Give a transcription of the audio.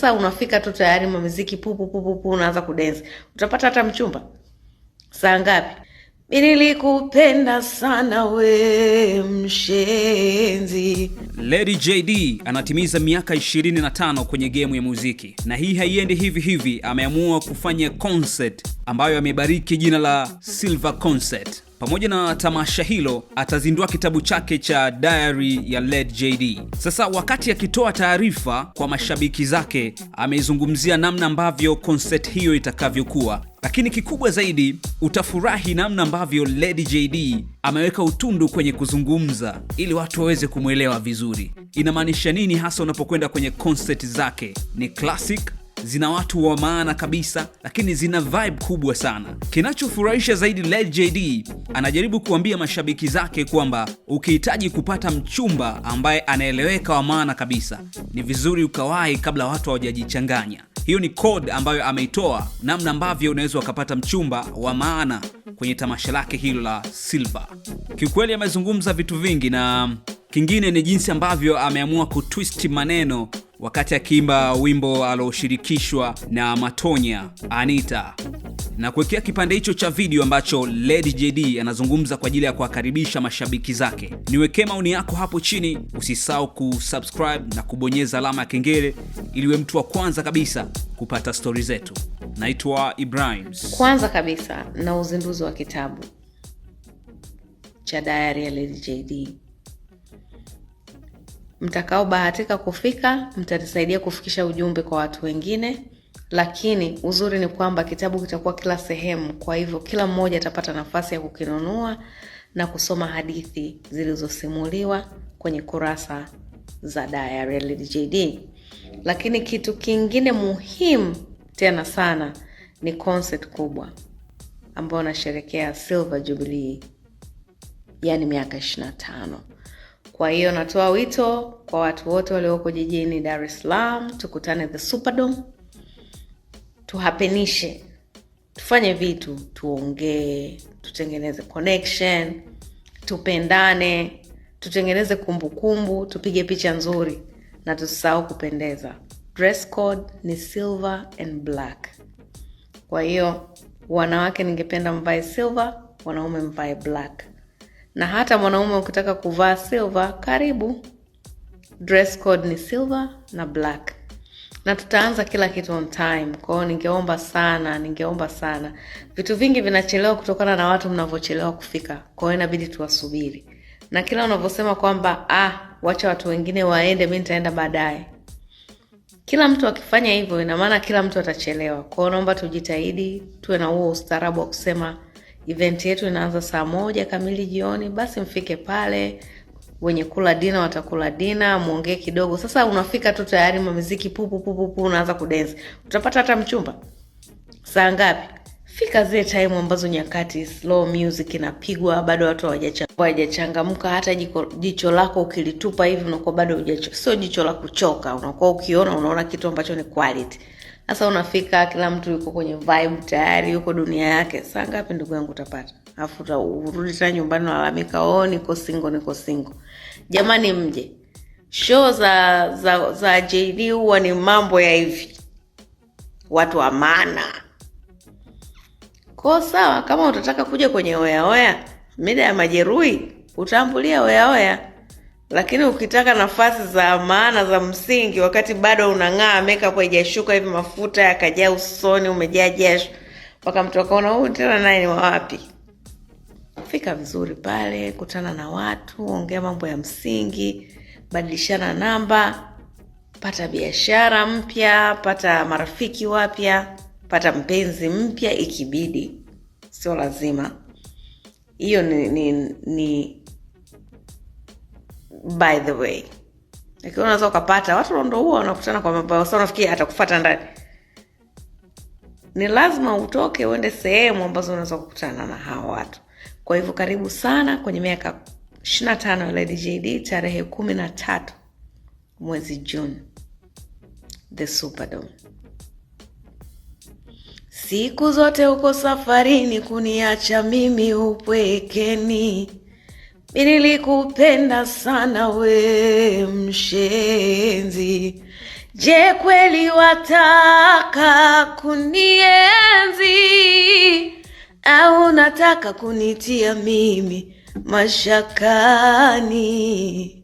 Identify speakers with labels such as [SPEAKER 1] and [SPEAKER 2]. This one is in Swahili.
[SPEAKER 1] Sasa unafika tu tayari mamiziki pupu pupu pupu, unaanza kudensi. Utapata hata mchumba saa ngapi? Nilikupenda sana we mshenzi.
[SPEAKER 2] Lady JD anatimiza miaka 25 kwenye gemu ya muziki, na hii haiendi hivi hivi. Ameamua kufanya concert ambayo amebariki jina la Silver Concert. Pamoja na tamasha hilo, atazindua kitabu chake cha Diary ya Led JD. Sasa wakati akitoa taarifa kwa mashabiki zake, ameizungumzia namna ambavyo konset hiyo itakavyokuwa lakini kikubwa zaidi utafurahi namna ambavyo Led JD ameweka utundu kwenye kuzungumza ili watu waweze kumwelewa vizuri. Inamaanisha nini hasa unapokwenda kwenye konset zake? Ni classic zina watu wa maana kabisa, lakini zina vibe kubwa sana. Kinachofurahisha zaidi, Lil JD anajaribu kuambia mashabiki zake kwamba ukihitaji kupata mchumba ambaye anaeleweka wa maana kabisa, ni vizuri ukawahi kabla watu hawajajichanganya. Hiyo ni code ambayo ameitoa, namna ambavyo unaweza ukapata mchumba wa maana kwenye tamasha lake hilo la Silver. Kiukweli amezungumza vitu vingi, na kingine ni jinsi ambavyo ameamua kutwist maneno wakati akiimba wimbo alioshirikishwa na Matonya Anita na kuwekea kipande hicho cha video ambacho Lady JD anazungumza kwa ajili ya kuwakaribisha mashabiki zake. Niwekee maoni yako hapo chini, usisahau kusubscribe na kubonyeza alama ya kengele iliwe mtu wa kwanza kabisa kupata stori zetu. Naitwa Ibrahim.
[SPEAKER 1] Kwanza kabisa na uzinduzi wa kitabu cha Diary ya Lady JD mtakaobahatika kufika mtanisaidia kufikisha ujumbe kwa watu wengine, lakini uzuri ni kwamba kitabu kitakuwa kila sehemu, kwa hivyo kila mmoja atapata nafasi ya kukinunua na kusoma hadithi zilizosimuliwa kwenye kurasa za Diary Lakini kitu kingine muhimu tena sana ni concert kubwa ambayo anasherekea Silver Jubilee, yani miaka 25. Kwa hiyo natoa wito kwa watu wote walioko jijini Dar es Salaam, tukutane the Superdome, tuhapenishe, tufanye vitu, tuongee, tutengeneze connection, tupendane, tutengeneze kumbukumbu, tupige picha nzuri na tusisahau kupendeza. Dress code ni silver and black. Kwa hiyo wanawake, ningependa mvae silver, wanaume mvae black na hata mwanaume ukitaka kuvaa silver karibu. Dress code ni silver na black, na tutaanza kila kitu on time. Kwa hiyo ningeomba sana, ningeomba sana, vitu vingi vinachelewa kutokana na watu mnavyochelewa kufika. Kwa hiyo inabidi tuwasubiri, na kila unavyosema kwamba ah, wacha watu wengine waende, mi nitaenda baadaye kila mtu akifanya hivyo, ina maana kila mtu atachelewa. Kwa hiyo naomba tujitahidi tuwe na huo ustaarabu wa kusema Event yetu inaanza saa moja kamili jioni, basi mfike pale. Wenye kula dina watakula dina, muongee kidogo. Sasa unafika tu tayari mamiziki pupu pupu pupu, unaanza kudensi, utapata hata mchumba. Saa ngapi? Fika zile time ambazo nyakati slow music inapigwa, bado watu hawajachangamka. Hata jiko, jicho lako ukilitupa hivi unakuwa bado hujacho, sio jicho la kuchoka, unakuwa ukiona unaona kitu ambacho ni quality. Sasa unafika kila mtu yuko kwenye vibe tayari, yuko dunia yake. Saa ngapi ndugu yangu utapata? Afu urudi tena nyumbani nalalamika, oh, niko single, niko single. Jamani, mje show za za za JD huwa ni mambo ya hivi, watu wa maana ko. Sawa, kama utataka kuja kwenye oyaoya mida ya majeruhi, utambulia oyaoya lakini ukitaka nafasi za maana za msingi, wakati bado unang'aa, makeup haijashuka hivi, mafuta yakajaa usoni, umejaa jasho, mpaka mtu akaona huyu tena naye ni wawapi. Fika vizuri pale, kutana na watu, ongea mambo ya msingi, badilishana namba, pata biashara mpya, pata marafiki wapya, pata mpenzi mpya ikibidi, sio lazima. Hiyo ni, ni, ni by the way lakini unaweza ukapata watu ndo huwa wanakutana kwa mabao sa unafikiri atakufata ndani ni lazima utoke uende sehemu ambazo unaweza kukutana na hawa watu kwa hivyo karibu sana kwenye miaka tano ya Lady JD tarehe kumi na tatu mwezi Juni the Superdome. Siku zote uko safarini kuniacha mimi upwekeni Nilikupenda sana we mshenzi, je, kweli wataka kunienzi au nataka kunitia mimi mashakani?